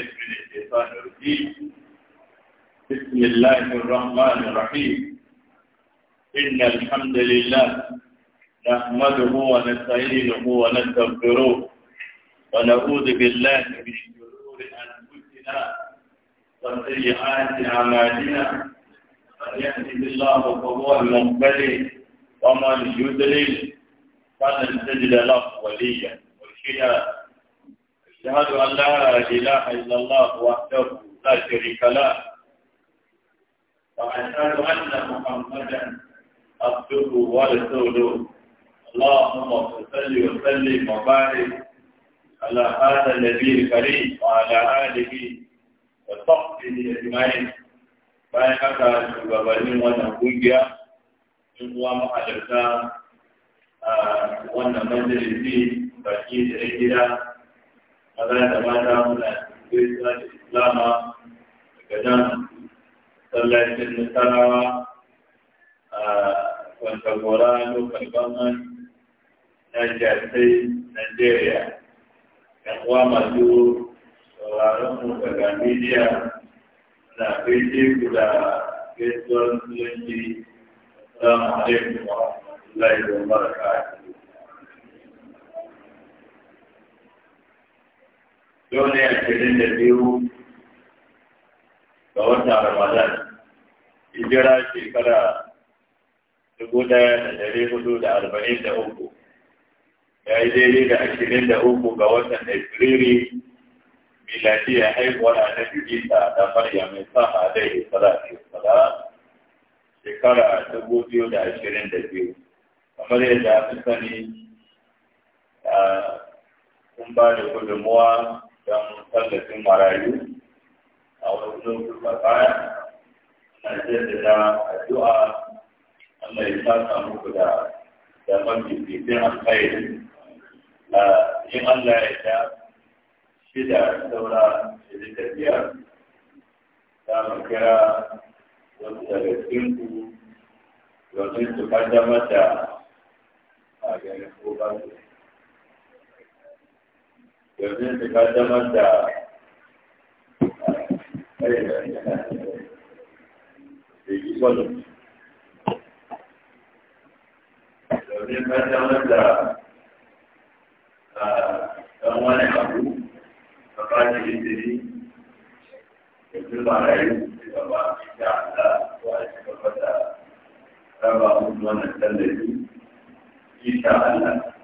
من الشيطان الرجيم بسم الله الرحمن الرحيم إن الحمد لله نحمده ونستعينه ونستغفره ونعوذ بالله من شرور أنفسنا وسيئات أعمالنا من يهده الله فهو المقبل ومن يدلل فلن تجد له وليا مرشدا أشهد أن لا إله إلا الله وحده لا شريك له وأشهد أن محمدا عبده ورسوله اللهم صل وسلم وبارك على هذا النبي الكريم وعلى آله وصحبه أجمعين bayan haka shugabannin wannan kungiya in kuwa mahalarta a wannan majalisi baki da gida maza da mata muna gaisuwa da islama daga nan sallacin nasarawa a kwantagora local government na jasai nigeria yan uwa masu sauraron mu daga media na gaishe ku da gaisuwar musulunci assalamu alaikum wa rahmatullahi wa barakatuh yau ne ashirin da biyu ga watan ramadan hijira shekara dubu ɗaya da dari hudu da arba'in da uku ya yi daidai da ashirin da uku ga watan Afrilu. Efiriri miladiya haihuwar annabi Isa da Maryam Isa alaihi salatu wassalam shekara dubu biyu da ashirin da biyu kamar yadda aka sani kun ba da gudunmuwa don tallafin marayu a wasu lokuta baya addu'a Allah ya saka muku da da mafi fitin alkhairi in Allah ya sha shida saura shida da biyar za mu kira wasu daga cikinku domin su kaddamar da a ko ba domin su kaddamar da eh, eh, eh, domin kaddamar da ɗan wani abu a kashe da ba a cikin ala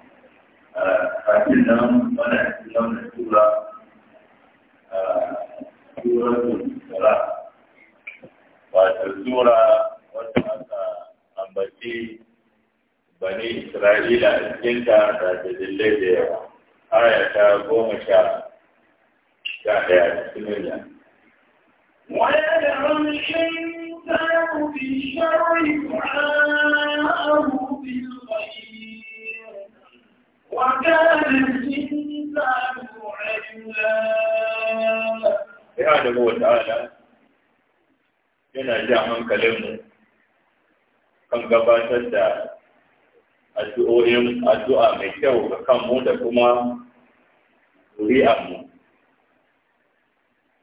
ko Allah cikin wannan tura turatun sara wato tura wata aka ambaci bani isra'ila a cikinta da dalilai da yawa ta goma sha sha ɗaya cikin دعاءه بالخير وكان ya da wa yana ja hankalinmu kan gabatar da addu'o'in addu'a mai kyau ga kanmu da kuma zuri'anmu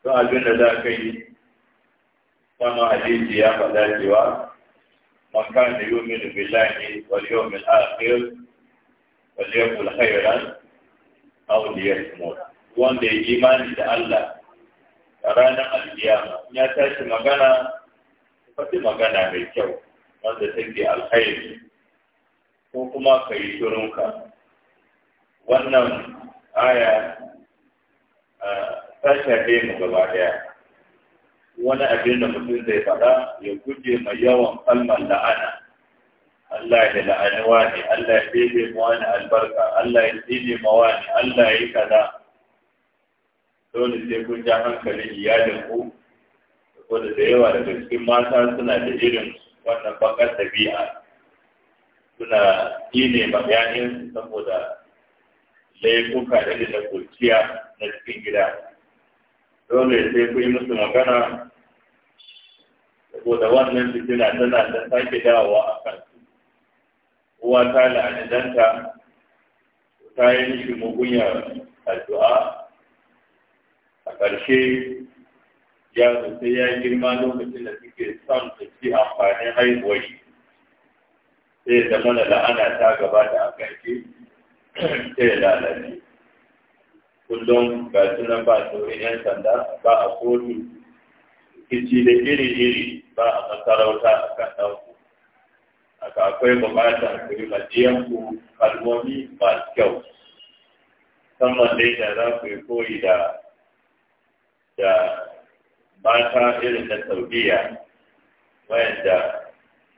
don abin da za ka yi sama hadisi ya faɗa cewa man kana yu'minu billahi wal yawmil akhir wal yawmil khairan awliyar mut wanda ya imani da Allah a ranar alkiyama ya tashi magana faɗi magana mai kyau wanda take alkhairi ko kuma ka yi shirinka wannan aya ta shafe mu gaba daya wani abin da mutum zai faɗa ya guje mai yawan kalmar la'ana Allah ya la'ani wani Allah ya bebe mu wani albarka Allah ya tsine ma wani Allah ya yi kaza dole sai kun ja hankalin iyalin ku saboda da yawa daga cikin mata suna da irin wannan bakar dabi'a suna tsine ma yayin saboda laifuka irin da kurciya na cikin gida dole sai kun yi musu magana saboda wannan fitina tana da sake dawowa a kan uwa ta la'ani ta yi mishi mugunyar addu'a a ƙarshe ya sai ya yi girma lokacin da suke son su ci amfanin haihuwar shi sai da mana la'ana ta gaba da a ƙarshe sai ya lalace kullum ga sunan ba saurin 'yan sanda ba a kotu kici da iri-iri ba a masarauta a kan ɗauku aka akwai bukatar kuri yi ku kalmomi masu kyau musamman dai da za ku yi koyi da da mata irin na saudiya wayanda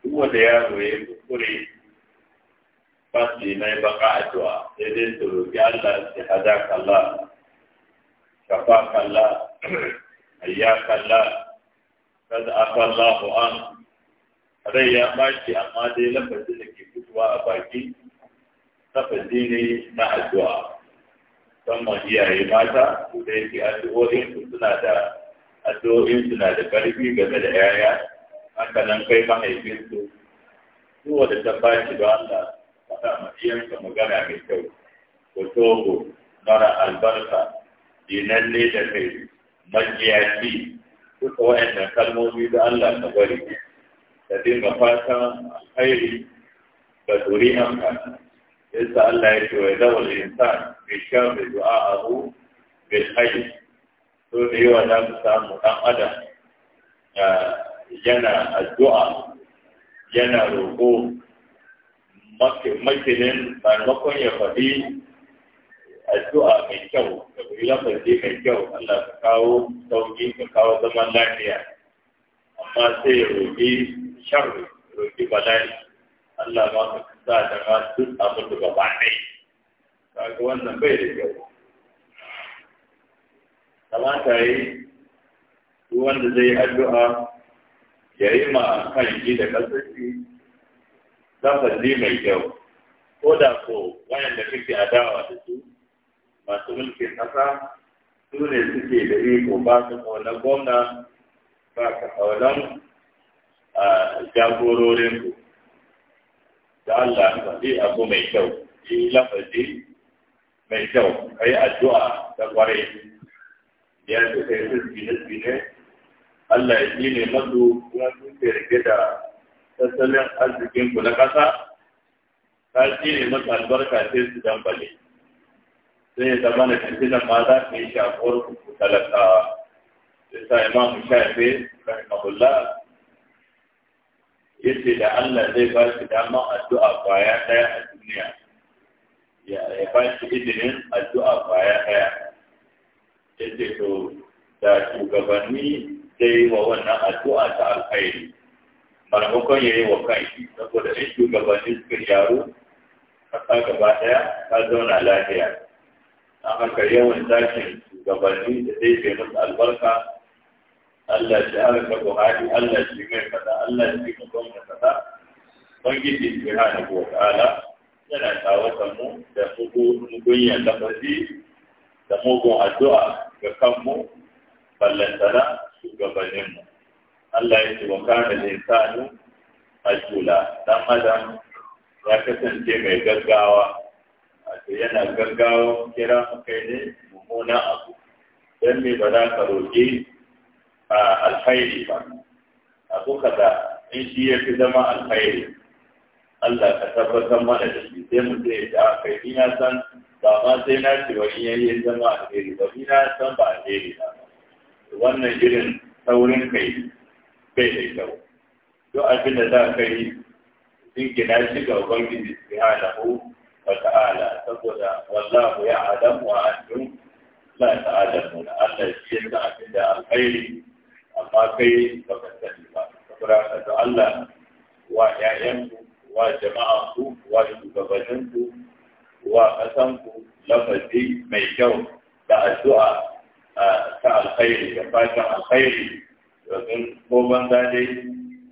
duk wanda yaro ya kuskure ba su yi mai baka addu'a sai dai su roƙi Allah su hada kalla shafa kalla ayya kalla kada afa Allahu an rai ya bashi amma dai lafazi da ke fitowa a baki lafazi ne na addu'a musamman iyaye mata su da yake addu'o'insu suna da addu'o'insu na da ƙarfi game da yaya haka nan kai mahaifinsu su wanda ta bashi ba Allah faɗa ma magana mai kyau ko mara albarka dinanne da kai majiyaci duka waɗannan kalmomi da Allah ka bari da dinga fatan alkhairi an ka yasa Allah ya ce wa yadawa al-insan bi sharri abu bai haihu. to da yawa za su samu dan adam yana addu'a yana roƙo makinin maimakon ya faɗi addu'a mai kyau da kuma lafazi mai kyau Allah ka kawo sauƙi ka kawo zaman lafiya amma sai ya roƙi sharri roƙi bala'i Allah ba ka sa da ma duk abin da gaba ɗaya kaga wannan bai da kyau kamata ya yi wanda zai yi addu'a ya yi ma kan ji da kasance lafazi mai kyau ko da ko wayanda kake adawa da su masu mulkin kasa, sune suke da iko ba su ƙaunar gwamna ba ka ƙaunar jagororin ku da Allah zai abu mai kyau yi lafazi mai kyau yi addu'a ta kwarai ya ce kai su zine-zine Allah ya ne masu kuma sun ke rike da tattalin arzikin ku na ƙasa ta ne masu albarka sai su bale sai ya zama da tattalin ma za ka yi shafuwar ku talakawa sai sa imam shafi rahimahullah yace da Allah zai ba shi damar addu'a kwaya ɗaya a duniya ya ba shi izinin addu'a kwaya ɗaya yace to da shugabanni zai yi wa wannan addu'a ta alkhairi maimakon ya yi wa kai? saboda in shugabanni suka yaro ƙasa gaba ɗaya ta zauna lafiya a haka yawan tashin shugabanni da zai taimaka albarka Allah shi alaka buhari Allah shi mai kaza Allah shi ka gwamna kaza bangiji subhanahu wa ala yana ta mu da mugunyan lafazi da mugun addu'a ga kanmu ballantana mu Allah ya ce wa kana a ajula dan adam ya kasance mai gaggawa wato yana gaggawa kira mu kai ne mummunan abu dan me ba za ka alkhairi ba abu kaza in shi ya fi zama alkhairi Allah ka tabbatar mana da shi sai mu sai da aka yi. na san ba ma sai na ce wani yayi zama alheri ba ni na san ba alheri ba wannan irin saurin kai bai da kyau duk abin da za ka yi gina shi ga ubangiji subhanahu wa ta'ala saboda wallahu ya'lamu wa antum la ta'lamuna Allah shi ya san abin da alkhairi amma kai baka sani ba saboda da Allah wa ƴaƴanku wa jama'anku wa shugabanninku wa ƙasanku lafazi mai kyau da addu'a ta alkhairi da fatan alkhairi domin ko banza dai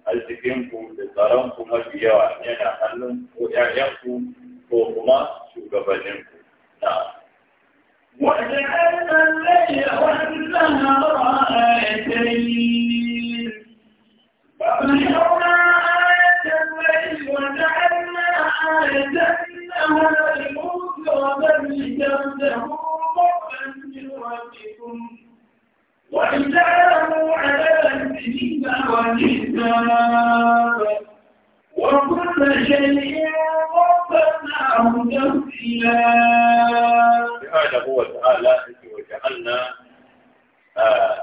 arzikinku da tsaronku mafi yawa yana hannun ko ƴaƴanku ko kuma shugabanninku na وجعلنا الليل والنهار آيتين فأحيونا آية الليل وجعلنا آية النهار مبصرة لتبتغوا فضلا من ربكم وإجعله على الدين والحساب وكل شيء وفقناه تفصيلا سبحانه وتعالى وجعلنا آه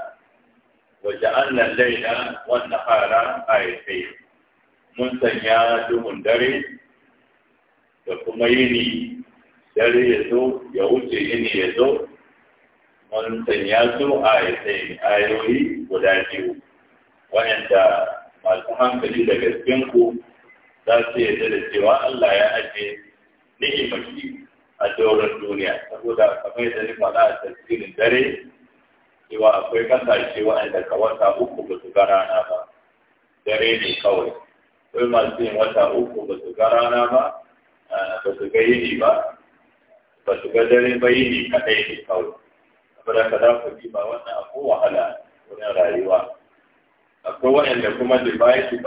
وجعلنا الليل والنهار آيتين من dare دون دري وكما دري يزو يوجي يني يزو mun sanya su a yasai ayoyi guda biyu waɗanda masu hankali da gaskinku za su yadda da cewa Allah ya ajiye ni'imarki a doron duniya saboda kamar yadda ni faɗa a tasirin dare cewa akwai kasashe wa'anda ka wata uku ba su ga rana ba dare ne kawai akwai masu yin wata uku ba su ga rana ba ba su ga yini ba ba su ga dare ba yini kaɗai ne kawai saboda ka za ku ji ba wannan abu wahala wurin rayuwa akwai waɗanda kuma device su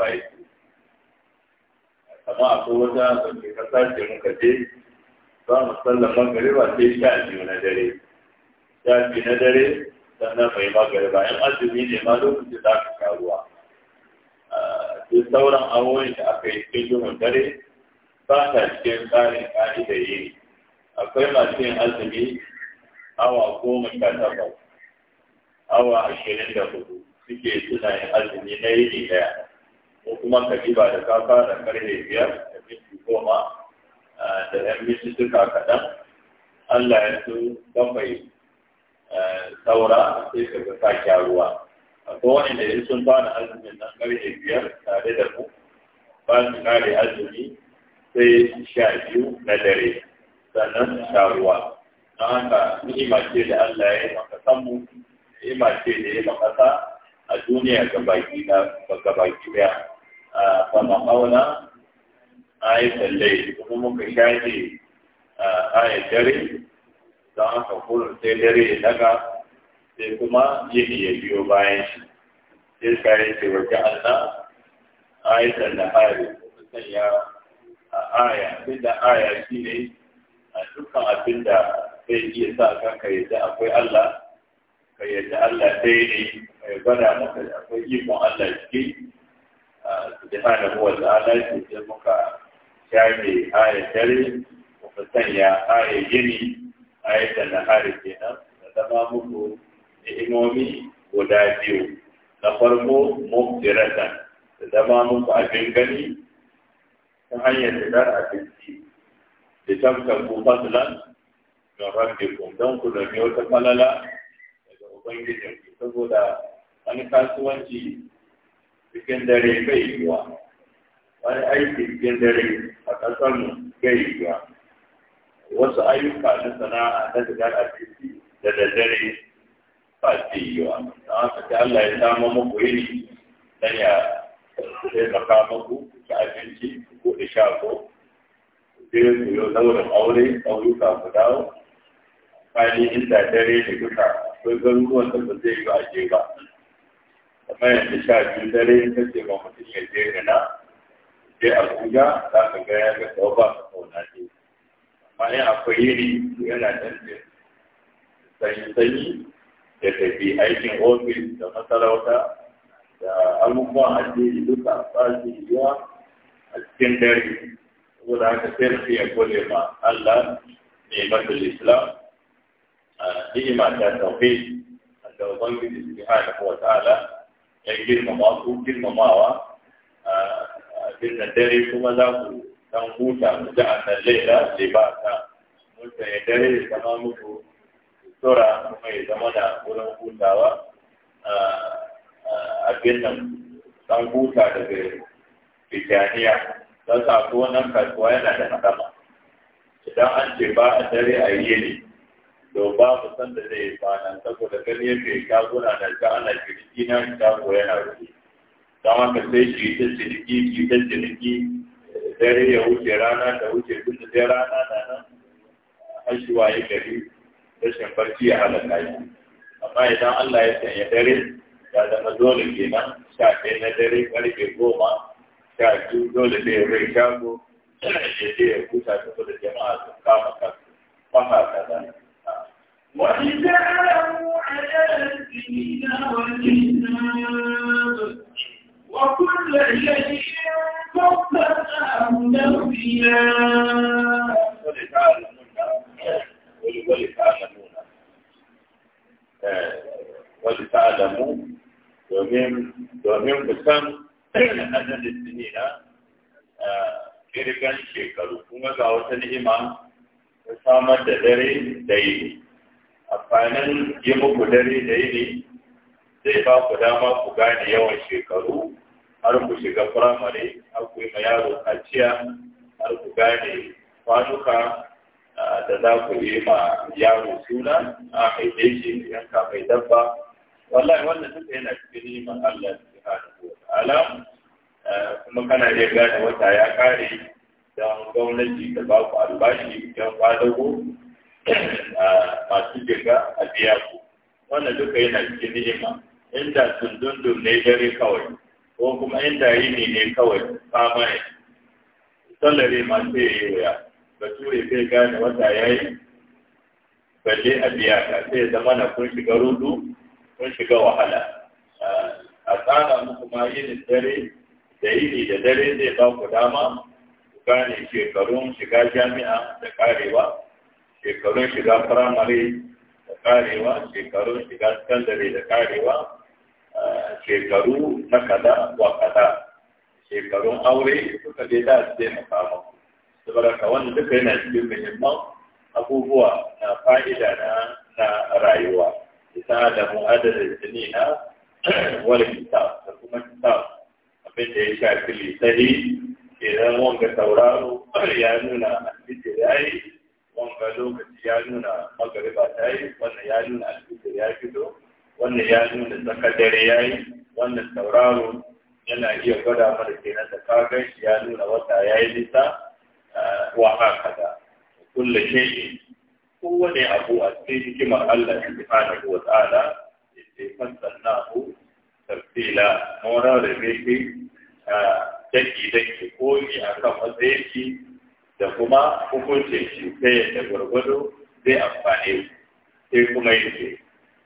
kamar akwai wata ba su ce muka je ba mu sallar magariba sai sha na dare sha na dare sannan mai magariba Yan azumi ne ma lokacin za ka karuwa. Ah, duk sauran awoyin da aka yi cikin duhun dare ba ta cikin tsarin da yi akwai masu yin azumi awa goma sha takwas awa ashirin da hudu suke suna yin azumi na yini daya ko kuma ka ba da kafa da karfe biyar da minti goma da ‘yan mintuttuka kaɗan Allah ya su don saura sai ka ga sa kyaruwa akwai wani da ya sun fara azumin nan ƙarfe biyar tare da mu ba su kare azumi sai sha biyu na dare sannan sha ruwa don haka ni'ima ce da Allah ya yi maka sanmu ni'ima ce da ya maka sa a duniya ga baki daya ayatul layl kuma muka shafe ayat dare don aka kullum sai dare ya daga sai kuma yini ya biyo bayan shi sai ka yi ce wa ja'alna ayatul nahari kuma sanya aya abinda aya shine a dukkan abinda zai iya sa kanka yadda akwai Allah ka yadda Allah sai ne mai gwada maka akwai ikon Allah ciki subhanahu wa ta'ala shi sai muka shafe ayar dare kuma sanya gini yini ayar da ke kenan da zama muku ni'imomi guda biyu na farko mubtiratan da zama muku abin gani ta hanyar da dar abinci da tamkan ku fadlan don kun don ku da nemi wata falala daga ubangijinku saboda wani kasuwanci cikin dare bai yiwuwa wani aiki cikin dare a ƙasar zai wasu ayyuka na sana'a na shigar a titi da daddare ba ce yi wa don haka ta Allah ya samu muku yini don ya taimaka muku ta abinci ko da shago sai ku yi daurin aure ɗauyuka ku dawo in inda dare ne duka akwai garuruwan da ba zai yi ba a je ba kamar yadda sha biyu dare ta ce ba mutum ya je na sai abuja za ka ga ya ga kawo ba ka kauna ne amma ya akwai yiri yana canjin sanyi-sanyi da tafi aikin ofis da masarauta da abubuwan addini duka a tsari yiwa a cikin dare saboda haka sai rufe ya gode ma Allah ne matul Islam a ni'ima ta tauhid da Ubangiji Subhanahu wa ta'ala ya girmama su girmamawa cikin dare kuma za ku dan huta mu ji annan laila ta mun sai dare ya zama muku tsora kuma ya zama da wurin hutawa a nan dan huta daga fitaniya don sako nan kasuwa yana da hadama idan an ce ba a dare a yi ne to ba mu san da zai ba nan saboda kan yadda ya shaguna da ta ana jirgi na shago yana rufe dama ka sai shi ta ciniki ki ta ciniki dare ya wuce rana ta wuce duk da sai rana na nan har shi waye gari rashin barci ya halaka shi amma idan Allah ya sanya dare ya zama dole kenan sha ɗaya na dare karfe goma sha biyu dole sai ya bai shago ya je ya kusa saboda jama'a su kama kansu faha kaza وإذا رأوا عذاب الدين والحساب وكل شيء فصلناه تفصيلا ولتعلمون ولتعلموا domin domin ku san annan distini na kirgan shekaru kuma ga wata ni'ima ta samar da dare da yini a fanin yi muku dare da yini zai ba ku dama ku gane yawan shekaru har ku shiga firamare har ku yi ma yaro kaciya har ku gane kwanuka da za ku yi ma yaro suna a haife shi yanka mai dabba wallahi wannan duka yana cikin neman Allah subhanahu wa ta'ala kuma kana iya gane wata ya kare don gwamnati da ba ku albashi don kwadago masu jirga a biya ku wannan duka yana cikin neman inda tundundun ne dare kawai ko kuma inda yini ne kawai fama ne ma sai yi wuya zai gane wata ya yi balle a biya ka sai zama na kun shiga rudu kun shiga wahala a tsara muku ma yini dare da yini da dare zai ba ku dama ku gane shekarun shiga jami'a da karewa shekarun shiga firamare da karewa shekarun shiga sakandare da karewa shekaru na kaza wa kaza shekarun aure suka je da su taimaka muku saboda ka wannan duka yana cikin muhimman abubuwa na fa'ida na na rayuwa isa da mu adadin jini na wani kitab da kuma kitab abin da ya shafi lisahi idan wanga sauraro ya nuna alfitir ya yi wanga lokaci ya nuna magariba ta yi wannan ya nuna alfitir ya fito wannan ya nuna tsakar dare ya yi wannan tauraro yana iya gwada mana kenan da kagan shi ya nuna wata ya yi nisa wa haka da kulle shi kowane abu a cikin hikimar Allah subhanahu wa ce yake na ku Tafila, mora da beke daki daki ko ni kan matsayi da kuma hukuncin shi sai da gwargwado zai amfani sai kuma yake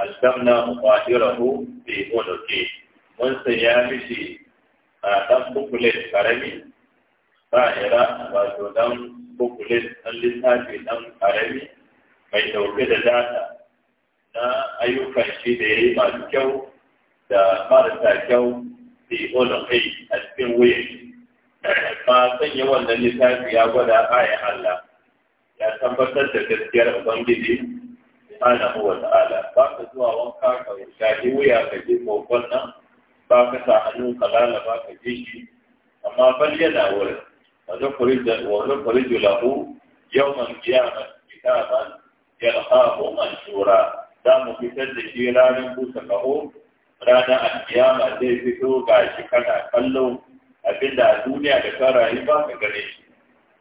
askamna muqadirahu bi ulqi mun saya mishi a dan bukulet karami sa'ira wato dan bukulet dan littafi dan karami mai dauke da data na ayyukan shi da yi masu kyau da marasa kyau bi ulqi a cikin wuyan ba sanya wannan littafi ya gwada ayan Allah ya tabbatar da gaskiyar Ubangiji subhanahu wa ta'ala ba ka zuwa wanka ka shafi wuya ka je mokon nan ba ka sa hannu ka lalaba ka je shi amma bal yana wurin wa zukhriju lahu yawmal qiyamah kitaban man manshura za mu fitar da shi ranar busa kaho ranar alkiyama zai fito ga shi kana kallo abinda a duniya da ka rayu ba ka gane shi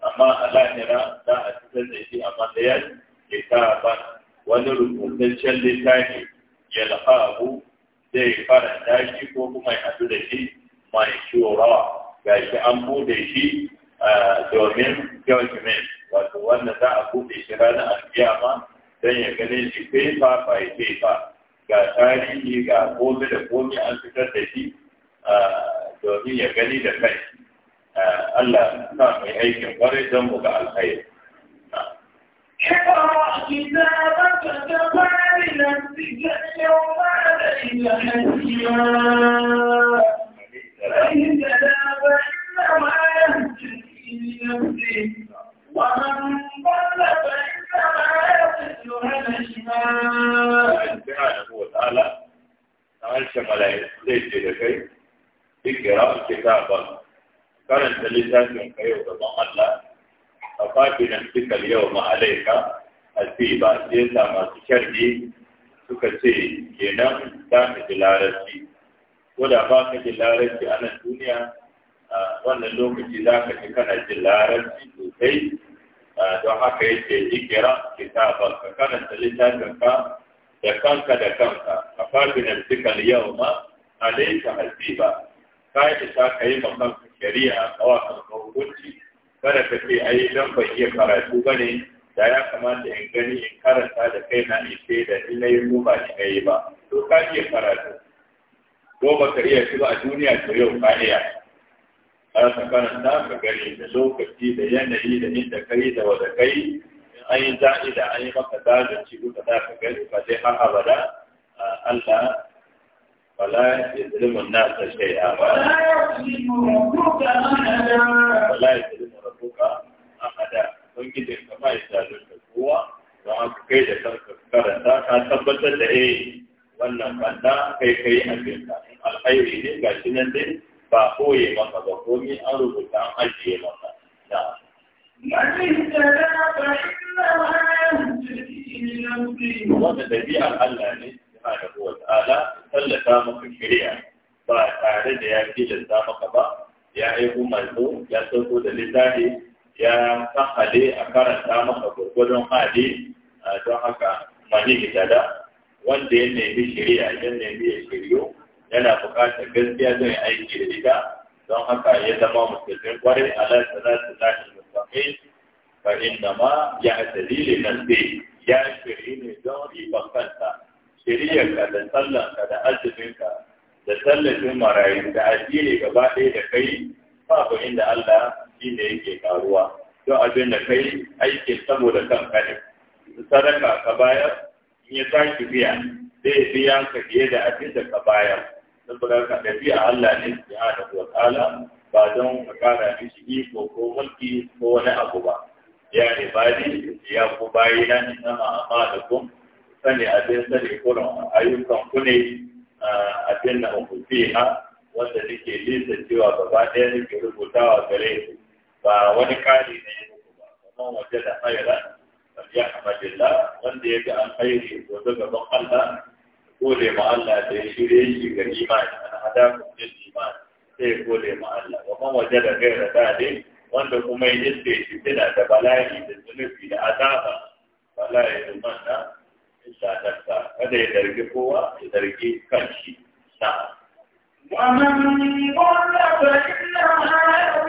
amma a lahira za a fitar da shi a matsayin kitaban wani rubutaccen littafi ya abu zai fara shi ko kuma ya haɗu da shi mai shurawa ga shi an bude shi domin judgment wato wanda za a bude shi ranar alkiyama don ya gane shi fefa bai fefa ga tarihi ga komai da komai an fitar da shi domin ya gani da kai kenan za ka ji larabci ko da ba ka ji larabci a nan duniya wannan lokaci za ka ji kana ji larabci sosai don haka yake ikira kitabar ka karanta littafin ka da kanka da kanka a fabinan cikal yau ma alaika hasiba ka yi ta ka yi kanka shari'a a kawakan hukunci kada ka ce ai don ban iya karatu ba ne da ya kamata in gani in karanta da kai na ce da ni na yi ko ba ni yi ba to ka iya karatu ko ba ka iya shiga a duniya to yau ka iya har ka karanta ka gani da lokaci da yanayi da inda kai da wada kai an yi za'i da an yi maka zalunci duka da ka gani ba sai har abada Allah ولا يظلم الناس شيئا ولا يظلم ربك أحدا ولا يظلم ربك أحدا ubangijin ka ba ya zalunta kowa ba haka kai da kanka karanta ka tabbatar da eh wannan banda kai kai abin ka in alkhairi ne ga shi nan dai ba koye maka ba komi an rubuta an ajiye maka da wanda dabi'ar Allah ne subhanahu wa ta'ala tallata maka shari'a ba tare da ya tilasta maka ba ya aiko manzo ya sauko da littafi ya hade a karanta masa gurgudun hali don haka mani dada wanda ya nemi shirya ya nemi ya shiryo yana buƙatar gaskiya zai aiki da ita don haka ya zama musulmin kwarai ala su lahi musamman fa inna ma ya dalili nafsi ya shiri ne don riban kanta. shiriyarka da sallanka da azuminka da tallafin marayu da addini gaba ɗaya da kai ba inda Allah shi ne yake karuwa don abin da kai aiki saboda kan ne sadaka ka bayar in ya tashi biya zai biya ka fiye da abin da ka bayar saboda ka tafiya Allah ne subhanahu wa ta'ala ba don ka kara mishi iko ko mulki ko wani abu ba ya ibadi ya ku bayina da kun sani abin sani kuran ayyukan ku ne abin da ku ha wanda nake lissa cewa gaba ɗaya nake rubutawa gare ku ba wani kari ne ya muku ba kuma waje da haira ya hamadilla wanda ya ga alkhairi ko daga ban Allah ko da ma Allah da ya shirye shi ga imani an hada ku da imani sai ko da ma Allah Ba ma waje da gaira dade wanda kuma ya iske shi tana da bala'i da zunubi da azaba wala ya zumanna illa nafsa kada ya zargi kowa ya zargi kanshi na ومن ضل فإنما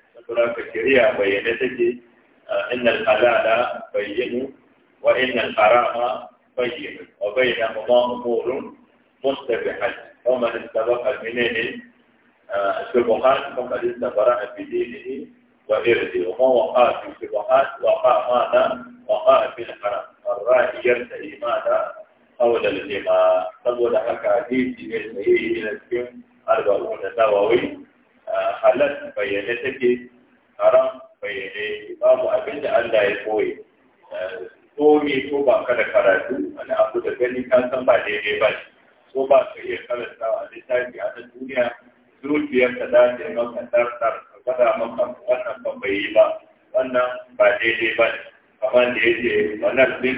sura ka آه، ان bayyane take innal halala bayyinu wa innal harama bayyinu ومن استبق منين الشبهات آه، فقد في دينه وإرده وما وقع في الشبهات وقع ماذا؟ وقع في الحرام الرأي يرتدي ماذا؟ حول الإمام تقول حكى من سيئه لكن أربعون نووي آه، حلت بينتك samu abin da Allah ya koyi ko me ko ba ka da karatu wani abu da gani ka san ba daidai ba shi ko ba ka iya karanta a littafi a nan duniya zuciyar ka za ta maka tartar ka fada maka wannan ba bai yi ba wannan ba daidai ba amma da yake wannan din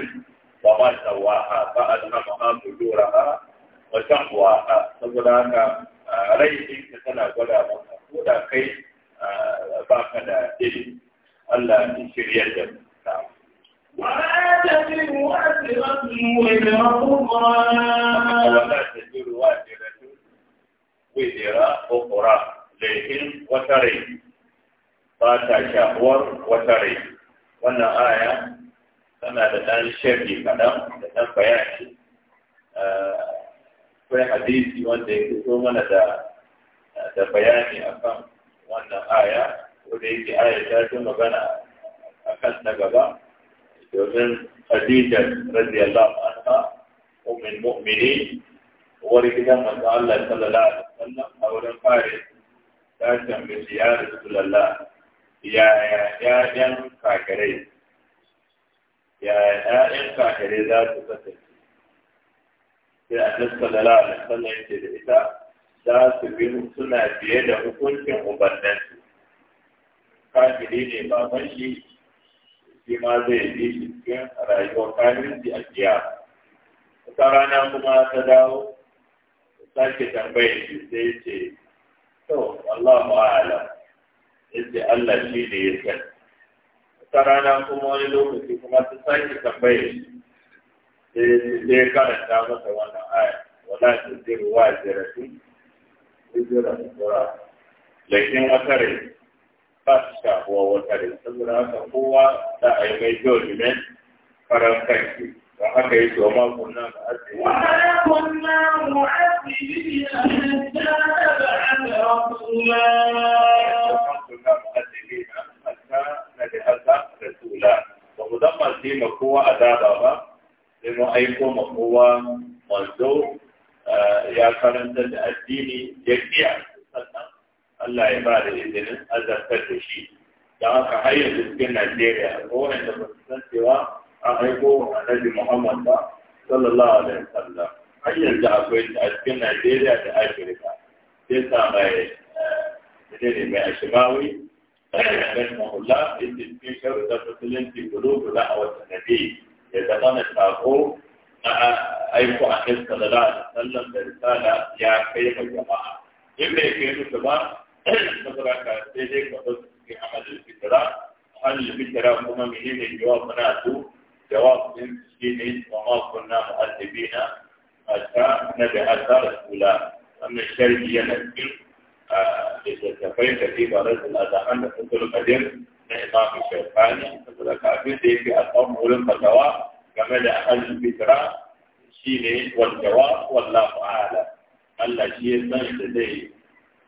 akwai hadisi wanda ya fito mana da da bayani akan wannan aya ko da yake aya ta fi magana kan na gaba domin Khadija radiyallahu anha ummul mu'minin uwar gidan manzo Allah sallallahu alaihi wasallam a wurin fare ta tambaye ya Rasulullah ya ya ya kafirai ya ya za su kasance sai a nasta da la'ala sannan yake da ita za su bi suna biye da hukuncin su kafiri ne baban shi shi ma zai bi shi cikin rayuwar kafirci a kiyama ta rana kuma ta dawo sake tambayar shi sai ce to Allah ma'ala yace Allah shi ne ya san. wata rana kuma wani lokaci kuma ta sake tambayar shi sai ya karanta masa wannan aya wala tuziru wa ziratu zira zira lakin wata rai ba su saboda haka kowa da a yi mai judgment karan kanki don haka yi soma kunna ga asiri wala kunna mu'azzibina hatta nab'atha a hatta nab'atha rasula ba mu zama sai ma kowa ba sai aiko ma kowa manzo eh, ya karanta da addini ya kiya sannan Allah ya ba da izinin azartar da shi Da aka har da cikin Najeriya ko wanda ba su san cewa an aiko annabi Muhammad ba sallallahu alaihi wasallam har yanzu akwai a cikin Najeriya da Afirka sai sa mai eh, ne mai ashimawi rahimahullah yake cikin da musulunci gudu guda a wata nabi يتقنص أخو مع أيها أخي صلى الله عليه وسلم برسالة يا كيف الجماعة إما يكيب سبا مدرعة كاستيجيك وقصة في عمل الفترة وحل الفترة منين الجواب مناتو جواب من سيني وما كنا مؤذبين حتى نبي حتى رسولا أما الشرقية نسكر آه، لسلسفين كثيرة رسل أدعان فتر القدير na imamu shaifani saboda kafin da yake a tsawon wurin fatawa game da ahalin fitra shi ne waljawa wallahu ala Allah shi ya san da zai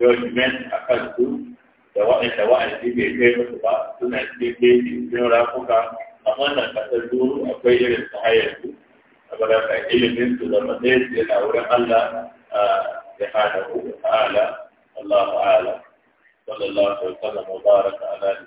judgment a kan su da waɗanda wa'azi bai kai musu ba suna cikin daidai sun rafuka a wannan ƙasar duru akwai irin su hayar su saboda ka ilimin su da matsayin yana wurin Allah ya hada ku ta'ala Allah ta'ala sallallahu alaihi wa sallam wa baraka ala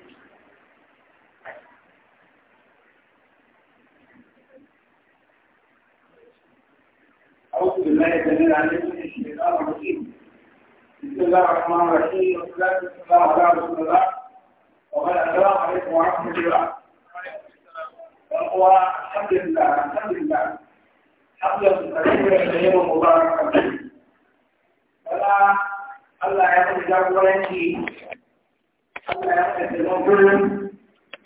أعوذ بالله الجميل عليكم من الشيطان الرجيم بسم الله الرحمن الرحيم والصلاة والسلام على رسول الله وعلى السلام عليكم ورحمة الله والحمد لله الحمد لله حمد كثيرا طيبا مباركا فلا الله يعطي جاب ولدي الله يعطي المنظر